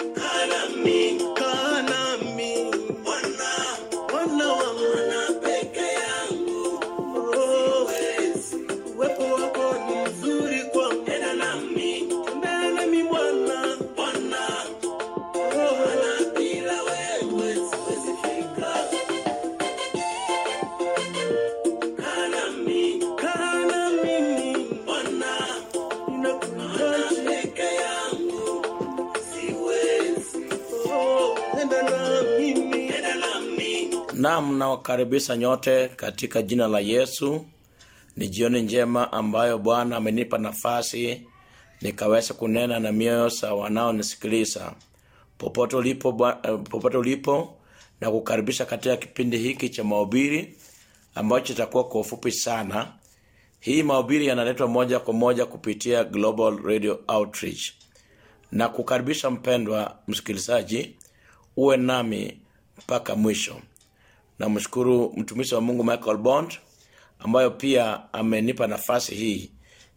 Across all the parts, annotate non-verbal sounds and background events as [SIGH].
Enemy. Naam, nawakaribisha nyote katika jina la Yesu. Ni jioni njema ambayo Bwana amenipa nafasi nikaweza kunena na mioyo za wanaonisikiliza popote ulipo, eh, popote ulipo na kukaribisha katika kipindi hiki cha mahubiri ambacho kitakuwa kwa ufupi sana. Hii mahubiri yanaletwa moja kwa moja kupitia Global Radio Outreach na kukaribisha mpendwa msikilizaji uwe nami mpaka mwisho namshukuru mtumishi wa Mungu Michael Bond ambayo pia amenipa nafasi hii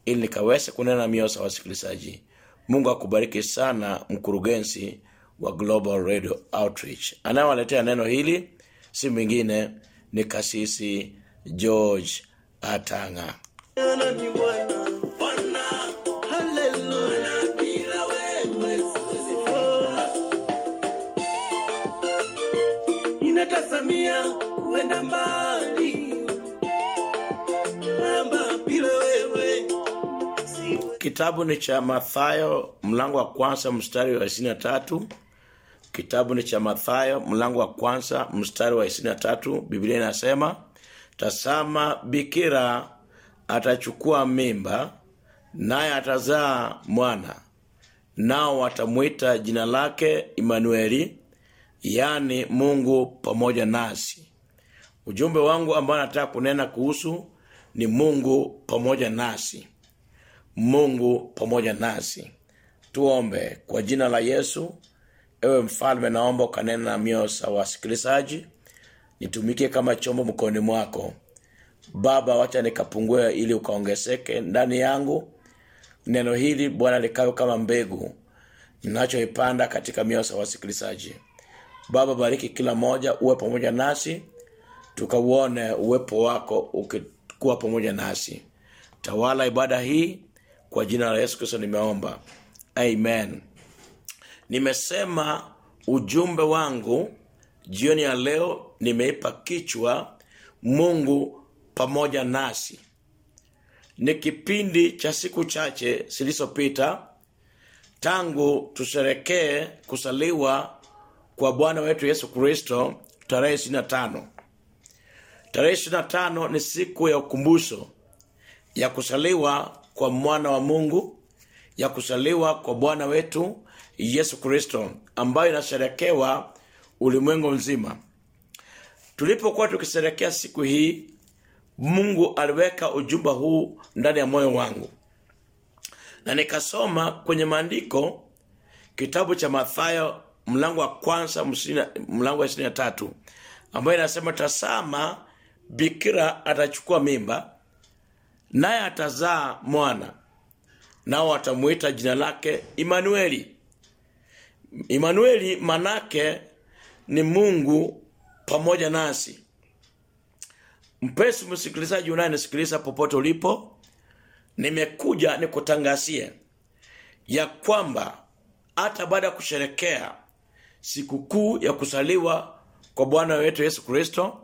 ili nikaweze kunena na wasikilizaji. Mungu akubariki sana, mkurugenzi wa Global Radio Outreach. Anayewaletea neno hili si mwingine ni Kasisi George Atanga. Samia mbali, mama bila wewe. Kitabu ni cha Mathayo mlango wa kwanza mstari wa ishirini na tatu. Kitabu ni cha Mathayo mlango wa kwanza mstari wa ishirini na tatu. Biblia inasema tasama, bikira atachukua mimba, naye atazaa mwana, nao watamwita jina lake Imanueli yani Mungu pamoja nasi. Ujumbe wangu ambao nataka kunena kuhusu ni Mungu pamoja nasi, Mungu pamoja nasi. Tuombe. Kwa jina la Yesu, ewe Mfalme, naomba ukanena na mioyo wasikilizaji, nitumike kama chombo mkoni mwako. Baba, wacha nikapungue ili ukaongezeke ndani yangu. Neno hili Bwana likawe kama mbegu ninachoipanda katika mioyo wasikilizaji. Baba bariki kila moja uwe pamoja nasi tukauone uwepo wako ukikuwa pamoja nasi. Tawala ibada hii kwa jina la Yesu Kristo nimeomba. Amen. Nimesema ujumbe wangu jioni ya leo nimeipa kichwa Mungu pamoja nasi. Ni kipindi cha siku chache zilizopita tangu tusherekee kusaliwa kwa Bwana wetu Yesu Kristo tarehe 25. Tarehe tano ni siku ya ukumbusho ya kusaliwa kwa mwana wa Mungu, ya kusaliwa kwa Bwana wetu Yesu Kristo ambayo inasherekewa ulimwengu mzima. Tulipokuwa tukisherekea siku hii, Mungu aliweka ujumba huu ndani ya moyo wangu, na nikasoma kwenye maandiko kitabu cha Mathayo mlango wa kwanza mlango wa ishirini na tatu ambayo inasema tasama bikira atachukua mimba naye atazaa mwana nao atamwita jina lake Imanueli. Imanueli manake ni Mungu pamoja nasi. Mpesi msikilizaji unayenisikiliza popote ulipo, nimekuja nikutangazie ya kwamba hata baada ya kusherekea sikukuu ya kusaliwa kwa Bwana wetu Yesu Kristo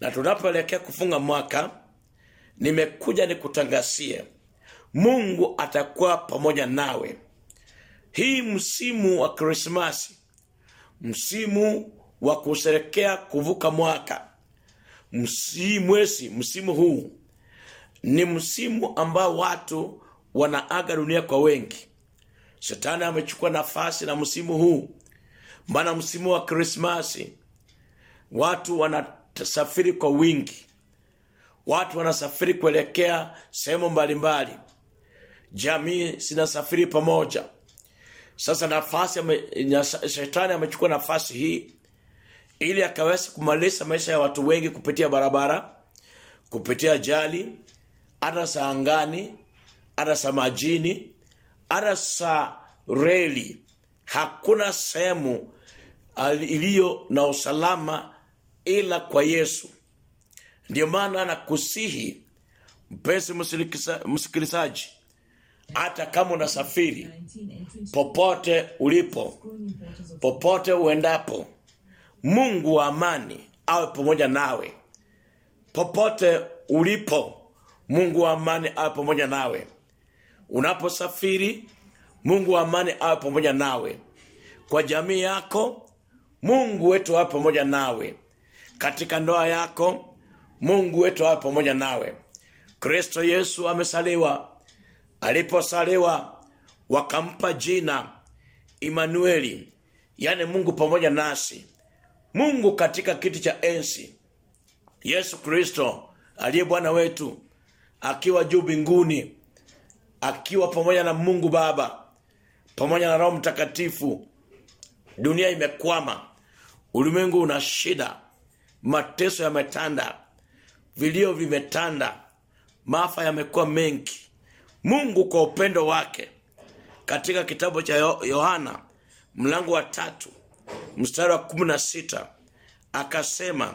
na tunapoelekea kufunga mwaka nimekuja nikutangazie Mungu atakuwa pamoja nawe. Hii msimu wa Krismasi, msimu wa kusherekea kuvuka mwaka, msimwesi, msimu huu ni msimu ambao watu wanaaga dunia kwa wengi. Shetani amechukua nafasi na msimu huu maana msimu wa krismasi watu wanasafiri kwa wingi watu wanasafiri kuelekea sehemu mbalimbali jamii zinasafiri pamoja sasa nafasi shetani amechukua nafasi hii ili akaweza kumaliza maisha ya watu wengi kupitia barabara kupitia jali hata za angani hata za majini hata za reli Hakuna sehemu iliyo na usalama ila kwa Yesu. Ndiyo maana nakusihi mpesi msikilizaji, hata kama unasafiri popote ulipo, popote uendapo, Mungu wa amani awe pamoja nawe. Popote ulipo, Mungu wa amani awe pamoja nawe unaposafiri Mungu wa amani awe pamoja nawe, kwa jamii yako Mungu wetu awe pamoja nawe, katika ndoa yako Mungu wetu awe pamoja nawe. Kristo Yesu amesaliwa. Aliposaliwa wakampa jina Imanueli, yani Mungu pamoja nasi, Mungu katika kiti cha ensi. Yesu Kristo aliye Bwana wetu akiwa juu mbinguni, akiwa pamoja na Mungu Baba pamoja na Roho Mtakatifu. Dunia imekwama. Ulimwengu una shida. Mateso yametanda. Vilio vimetanda. Maafa yamekuwa mengi. Mungu kwa upendo wake katika kitabu cha Yohana mlango wa tatu mstari wa kumi na sita akasema,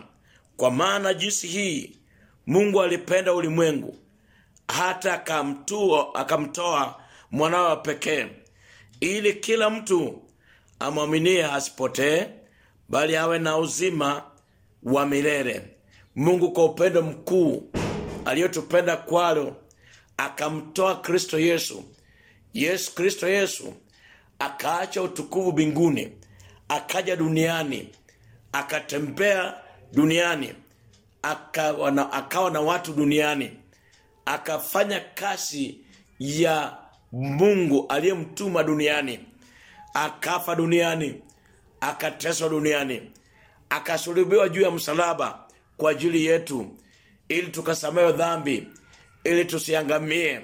kwa maana jinsi hii Mungu alipenda ulimwengu hata akamtoa mwanawe pekee ili kila mtu amwaminie asipotee, bali awe na uzima wa milele. Mungu kwa upendo mkuu aliyotupenda kwalo akamtoa Kristo Yesu, Yesu Kristo Yesu akaacha utukufu mbinguni, akaja duniani, akatembea duniani, akawa na, akawa na watu duniani, akafanya kasi ya Mungu aliyemtuma duniani akafa duniani akateswa duniani akasulubiwa juu ya msalaba kwa ajili yetu ili tukasamewe dhambi ili tusiangamie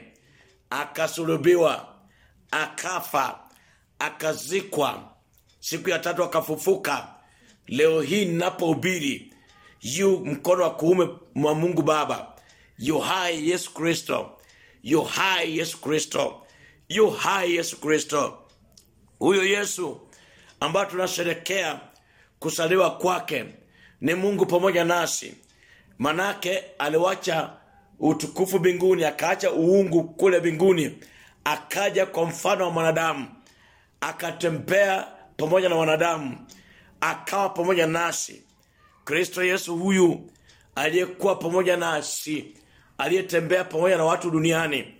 akasulubiwa akafa akazikwa siku ya tatu akafufuka leo hii ninapohubiri yu mkono wa kuume mwa mungu baba yu hai yesu kristo yu hai yesu kristo yu hai Yesu Kristo, huyu Yesu ambayo tunasherekea kusaliwa kwake ni Mungu pamoja nasi, manake aliwacha utukufu mbinguni, akaacha uungu kule mbinguni, akaja kwa mfano wa mwanadamu, akatembea pamoja na wanadamu, akawa pamoja nasi. Kristo Yesu huyu aliyekuwa pamoja nasi, aliyetembea pamoja na watu duniani,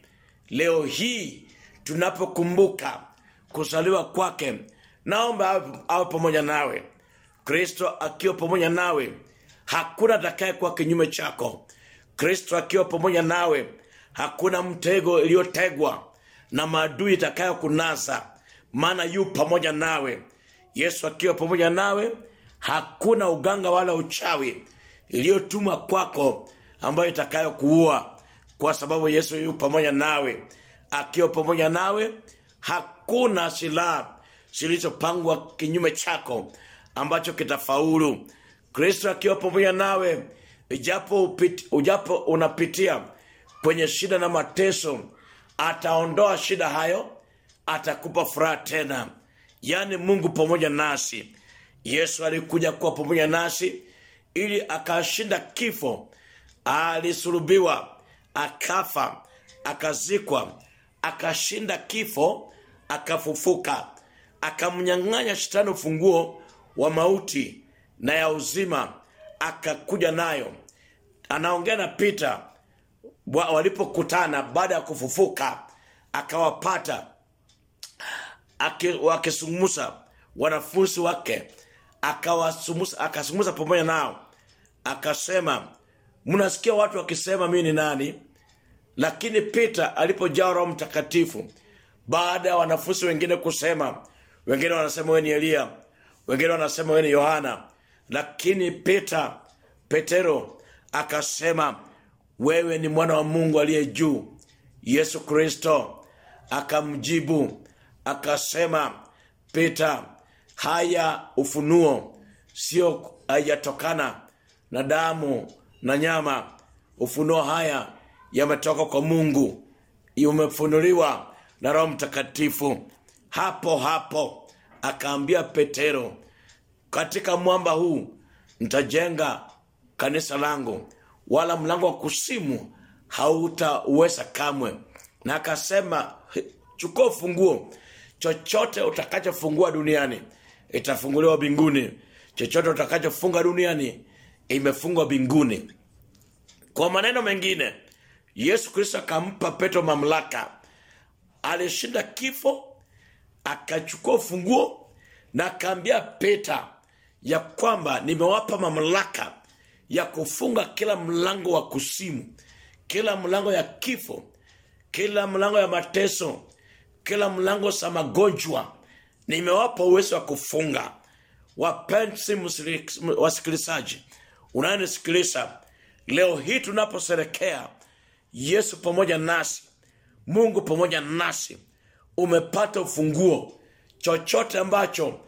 leo hii tunapokumbuka kuzaliwa kwake naomba awe pamoja nawe kristo akiwa pamoja nawe hakuna atakaye kuwa kinyume chako kristo akiwa pamoja nawe hakuna mtego iliyotegwa na maadui itakayokunaza maana yu pamoja nawe yesu akiwa pamoja nawe hakuna uganga wala uchawi iliyotumwa kwako ambayo itakayokuua kwa sababu yesu yu pamoja nawe akiwa pamoja nawe. Hakuna silaha zilizopangwa kinyume chako ambacho kitafaulu. Kristo akiwa pamoja nawe, ijapo ujapo unapitia kwenye shida na mateso, ataondoa shida hayo, atakupa furaha tena. Yaani Mungu pamoja nasi. Yesu alikuja kuwa pamoja nasi ili akashinda kifo, alisulubiwa, akafa, akazikwa akashinda kifo akafufuka akamnyang'anya shetani ufunguo wa mauti na ya uzima akakuja nayo anaongea na pita walipokutana baada ya kufufuka akawapata wakisungumusa wanafunzi wake akasungumuza akasungumusa pamoja nao akasema mnasikia watu wakisema mii ni nani lakini Pita alipojaa Roho Mtakatifu, baada ya wanafunzi wengine kusema, wengine wanasema wewe ni Eliya, wengine wanasema wewe ni Yohana, lakini Pita Petero akasema wewe ni mwana wa Mungu aliye juu, Yesu Kristo. Akamjibu akasema Pita, haya ufunuo sio hayatokana na damu na nyama, ufunuo haya yametoka kwa Mungu, umefunuliwa na Roho Mtakatifu. Hapo hapo akaambia Petero, katika mwamba huu ntajenga kanisa langu, wala mlango wa kusimu hautaweza kamwe. Na akasema, chukua ufunguo, chochote utakachofungua duniani itafunguliwa binguni chochote utakachofunga duniani imefungwa binguni Kwa maneno mengine Yesu Kristo akampa Petro mamlaka, alishinda kifo, akachukua ufunguo na akaambia Peta ya kwamba nimewapa mamlaka ya kufunga kila mlango wa kusimu, kila mlango ya kifo, kila mlango ya mateso, kila mlango za magonjwa, nimewapa uwezo wa kufunga. wapensi wasikilizaji, unayenisikiliza leo hii tunaposherekea Yesu pamoja nasi, Mungu pamoja nasi, umepata ufunguo. Chochote ambacho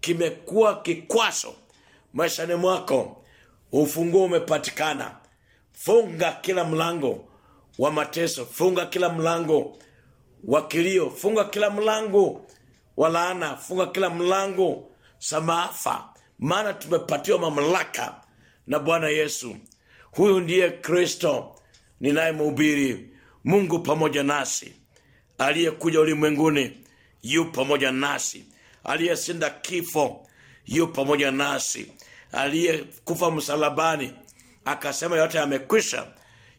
kimekuwa kikwaso maishani mwako, ufunguo umepatikana. Funga kila mlango wa mateso, funga kila mlango wa kilio, funga kila mlango wa laana, funga kila mlango samaafa maana tumepatiwa mamlaka na Bwana Yesu. Huyu ndiye Kristo ninayemhubiri, Mungu pamoja nasi, aliyekuja ulimwenguni yu pamoja nasi, aliyeshinda kifo yu pamoja nasi, aliyekufa msalabani akasema yote amekwisha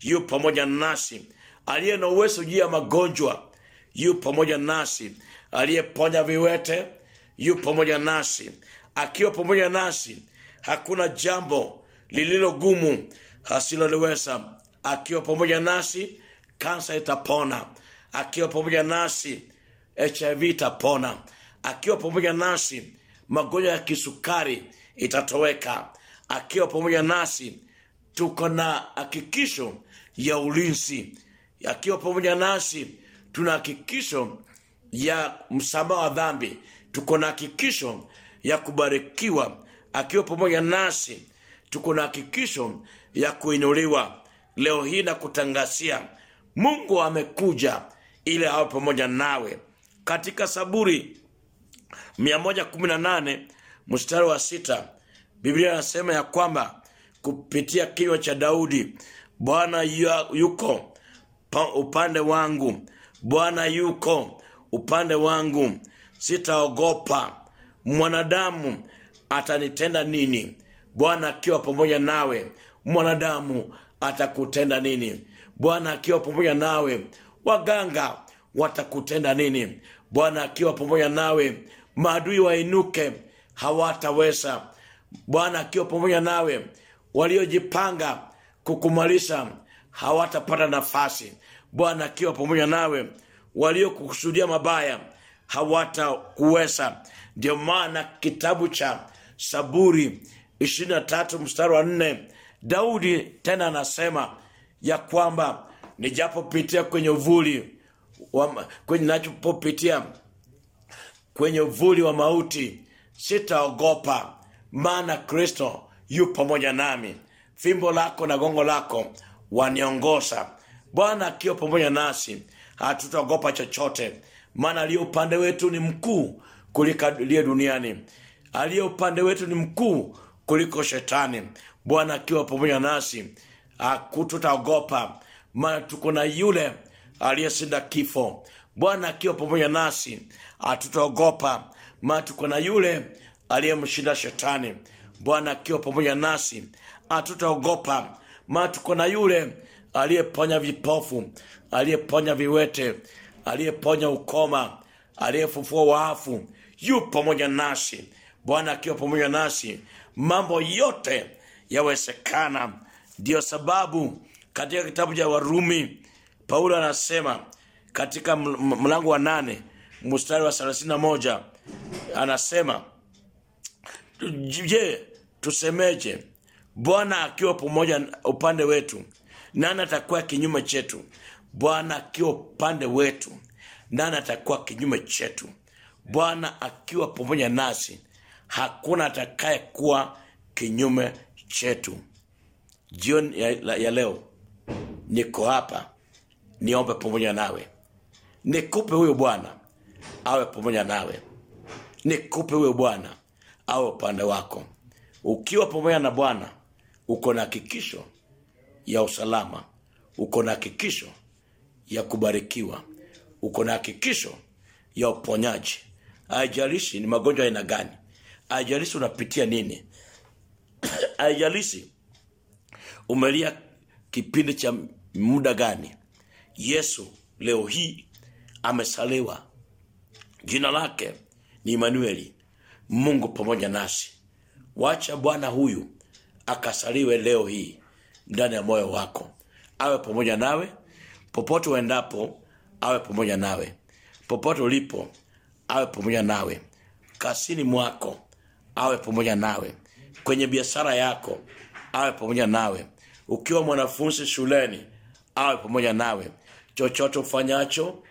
yu pamoja nasi, aliye na uwezo juu ya magonjwa yu pamoja nasi, aliyeponya viwete yu pamoja nasi. Akiwa pamoja nasi, hakuna jambo lililogumu gumu hasiloliweza akiwa pamoja nasi kansa itapona akiwa pamoja nasi hiv itapona akiwa pamoja nasi magonjwa ya kisukari itatoweka akiwa pamoja nasi tuko na hakikisho ya ulinzi akiwa pamoja nasi tuna hakikisho ya msamaha wa dhambi tuko na hakikisho ya kubarikiwa akiwa pamoja nasi tuko na hakikisho ya kuinuliwa leo hii na kutangazia Mungu amekuja ili awe pamoja nawe. Katika Saburi 118 mstari wa sita Biblia anasema ya kwamba kupitia kinywa cha Daudi, Bwana yuko upande wangu, Bwana yuko upande wangu, sitaogopa mwanadamu atanitenda nini. Bwana akiwa pamoja nawe, mwanadamu atakutenda nini? Bwana akiwa pamoja nawe, waganga watakutenda nini? Bwana akiwa pamoja nawe, maadui wainuke, hawataweza. Bwana akiwa pamoja nawe, waliojipanga kukumalisa hawatapata nafasi. Bwana akiwa pamoja nawe, waliokusudia mabaya hawatakuweza. Ndio maana kitabu cha Saburi ishirini na tatu mstari wa nne Daudi tena anasema ya kwamba nijapopitia kwenye uvuli nachopopitia kwenye uvuli wa mauti sitaogopa, maana Kristo yu pamoja nami. Fimbo lako na gongo lako waniongosa Bwana akiwa pamoja nasi hatutaogopa chochote, maana aliye upande wetu ni mkuu kuliko aliye duniani, aliye upande wetu ni mkuu kuliko shetani. Bwana akiwa pamoja nasi, akututaogopa maana tuko na yule aliyeshinda kifo. Bwana akiwa pamoja nasi, atutaogopa maana tuko na yule aliyemshinda shetani. Bwana akiwa pamoja nasi, atutaogopa maana tuko na yule aliyeponya vipofu, aliyeponya viwete, aliyeponya ukoma, aliyefufua waafu, yu pamoja nasi. Bwana akiwa pamoja nasi, mambo yote yawezekana. ndio sababu katika kitabu cha Warumi Paulo anasema katika mlango wa nane mstari wa thelathini na moja anasema je, tusemeje? Bwana akiwa pamoja upande wetu, nani atakuwa kinyume chetu? Bwana akiwa upande wetu, nani atakuwa kinyume chetu? Bwana akiwa pamoja nasi, hakuna atakayekuwa kinyume chetu jioni ya, ya leo niko hapa niombe pamoja nawe nikupe huyo bwana awe pamoja nawe nikupe huyo bwana awe upande wako ukiwa pamoja na bwana uko na hakikisho ya usalama uko na hakikisho ya kubarikiwa uko na hakikisho ya uponyaji aijarishi ni magonjwa aina gani aijarishi unapitia nini [COUGHS] haijalishi umelia kipindi cha muda gani yesu leo hii amesaliwa jina lake ni Emanueli, Mungu pamoja nasi. Wacha Bwana huyu akasaliwe leo hii ndani ya moyo wako, awe pamoja nawe popote uendapo, awe pamoja nawe popote ulipo, awe pamoja nawe kasini mwako, awe pamoja nawe kwenye biashara yako awe pamoja nawe ukiwa mwanafunzi shuleni awe pamoja nawe chochote ufanyacho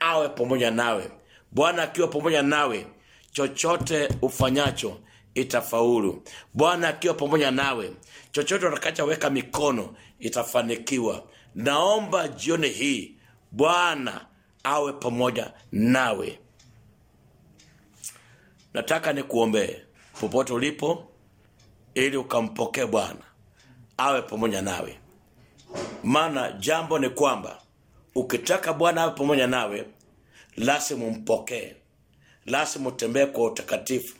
awe pamoja nawe bwana akiwa pamoja nawe chochote ufanyacho itafaulu bwana akiwa pamoja nawe chochote utakachaweka mikono itafanikiwa naomba jioni hii bwana awe pamoja nawe nataka nikuombee popote ulipo ili ukampokee Bwana awe pamoja nawe. Maana jambo ni kwamba ukitaka Bwana awe pamoja nawe, lazima umpokee, lazima utembee kwa utakatifu,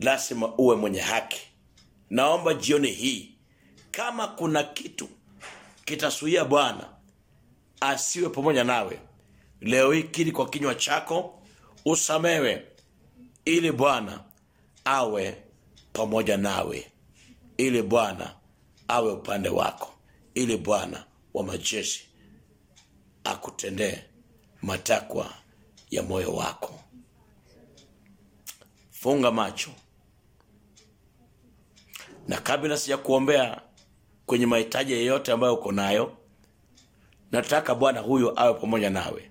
lazima uwe mwenye haki. Naomba jioni hii, kama kuna kitu kitasuia Bwana asiwe pamoja nawe, leo hii kili kwa kinywa chako, usamewe, ili Bwana awe pamoja nawe ili Bwana awe upande wako, ili Bwana wa majeshi akutendee matakwa ya moyo wako. Funga macho, na kabla sijakuombea kwenye mahitaji yeyote ambayo uko nayo, nataka Bwana huyo awe pamoja nawe.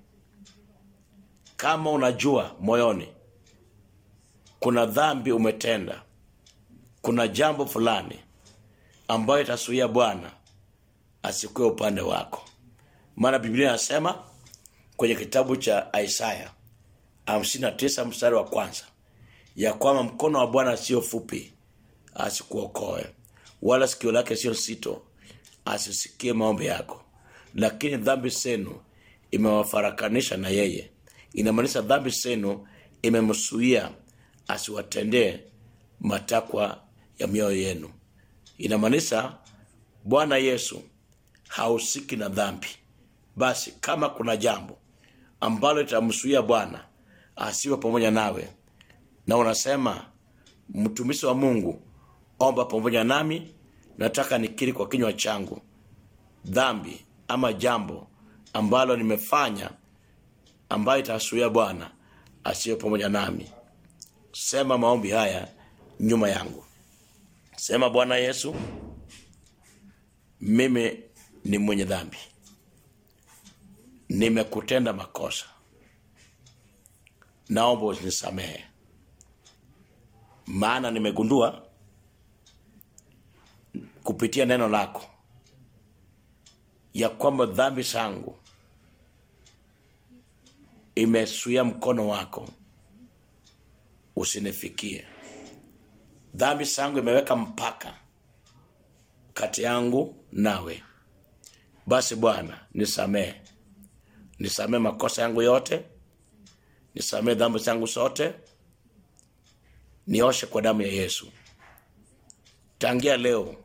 Kama unajua moyoni kuna dhambi umetenda kuna jambo fulani ambayo itasuia Bwana asikuwe upande wako. Maana Biblia inasema kwenye kitabu cha Isaya 59 mstari wa kwanza ya kwamba mkono wa Bwana sio fupi asikuokoe, wala sikio lake sio sito asisikie maombi yako, lakini dhambi zenu imewafarakanisha na yeye. Inamaanisha dhambi zenu imemsuia asiwatendee matakwa ya mioyo yenu. Inamaanisha Bwana Yesu hahusiki na dhambi. Basi kama kuna jambo ambalo litamsuia Bwana asiwe pamoja nawe, na unasema mtumishi wa Mungu, omba pamoja nami, nataka nikiri kwa kinywa changu dhambi ama jambo ambalo nimefanya ambayo itasuia Bwana asiwe pamoja nami. Sema maombi haya nyuma yangu. Sema Bwana Yesu, mimi ni mwenye dhambi, nimekutenda makosa, naomba unisamehe, maana nimegundua kupitia neno lako ya kwamba dhambi zangu imesuia mkono wako usinifikie Dhambi zangu imeweka mpaka kati yangu nawe. Basi Bwana, nisamee. Nisamee makosa yangu yote. Nisamee dhambi zangu zote. Nioshe kwa damu ya Yesu. Tangia leo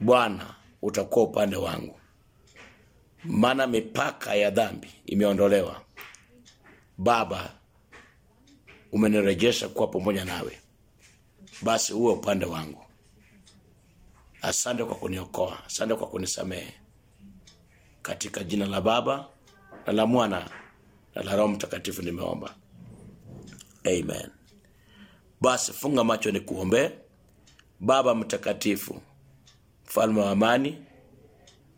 Bwana utakuwa upande wangu. Maana mipaka ya dhambi imeondolewa. Baba umenirejesha kuwa pamoja nawe basi uwe upande wangu. Asante kwa kuniokoa, asante kwa kunisamehe, katika jina la Baba na la Mwana na la Roho Mtakatifu nimeomba, amen. Basi funga macho ni kuombe. Baba Mtakatifu, mfalme wa amani,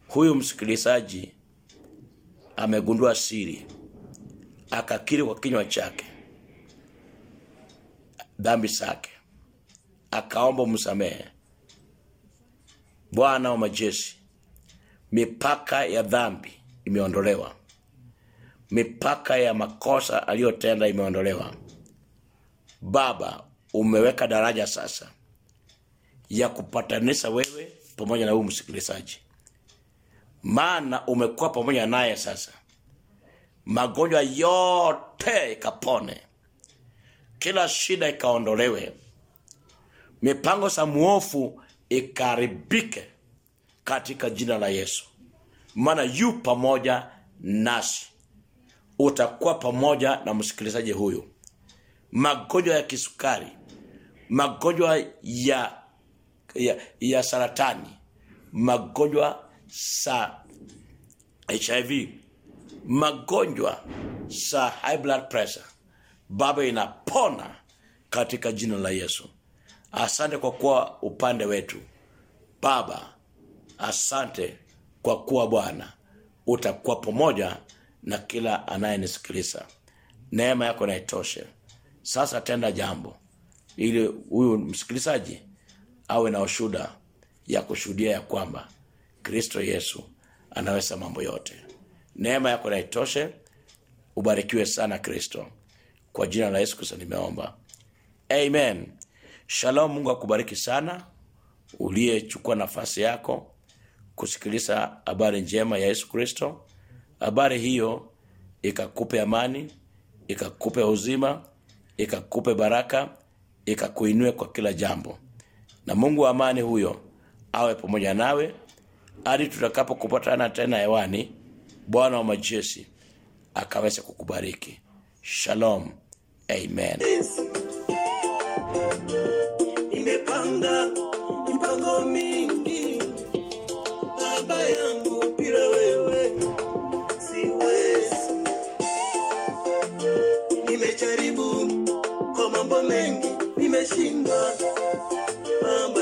huyu msikilizaji amegundua siri, akakiri kwa kinywa chake dhambi zake akaomba msamehe. Bwana wa majeshi, mipaka ya dhambi imeondolewa, mipaka ya makosa aliyotenda imeondolewa. Baba, umeweka daraja sasa ya kupatanisha wewe pamoja na huyu msikilizaji, maana umekuwa pamoja naye sasa. Magonjwa yote ikapone, kila shida ikaondolewe mipango za muofu ikaribike katika jina la Yesu, maana yu pamoja nasi. Utakuwa pamoja na msikilizaji huyu. Magonjwa ya kisukari, magonjwa ya, ya, ya saratani, magonjwa sa HIV, magonjwa sa high blood pressure, Baba inapona katika jina la Yesu. Asante kwa kuwa upande wetu. Baba, asante kwa kuwa Bwana utakuwa pamoja na kila anayenisikiliza. Neema yako naitoshe Sasa tenda jambo ili huyu msikilizaji awe na ushuda ya kushuhudia ya kwamba Kristo Yesu anaweza mambo yote. Neema yako naitoshe Ubarikiwe sana Kristo. Kwa jina la Yesu Kristo nimeomba, amen. Shalom, Mungu akubariki sana uliyechukua nafasi yako kusikiliza habari njema ya Yesu Kristo. Habari hiyo ikakupe amani, ikakupe uzima, ikakupe baraka, ikakuinue kwa kila jambo, na Mungu wa amani huyo awe pamoja nawe hadi tutakapokupatana tena hewani. Bwana wa majeshi akaweza kukubariki. Shalom, amen nimepanga mipango mingi, baba yangu, bila wewe siwezi. Nimejaribu kwa mambo mengi, nimeshindwa baba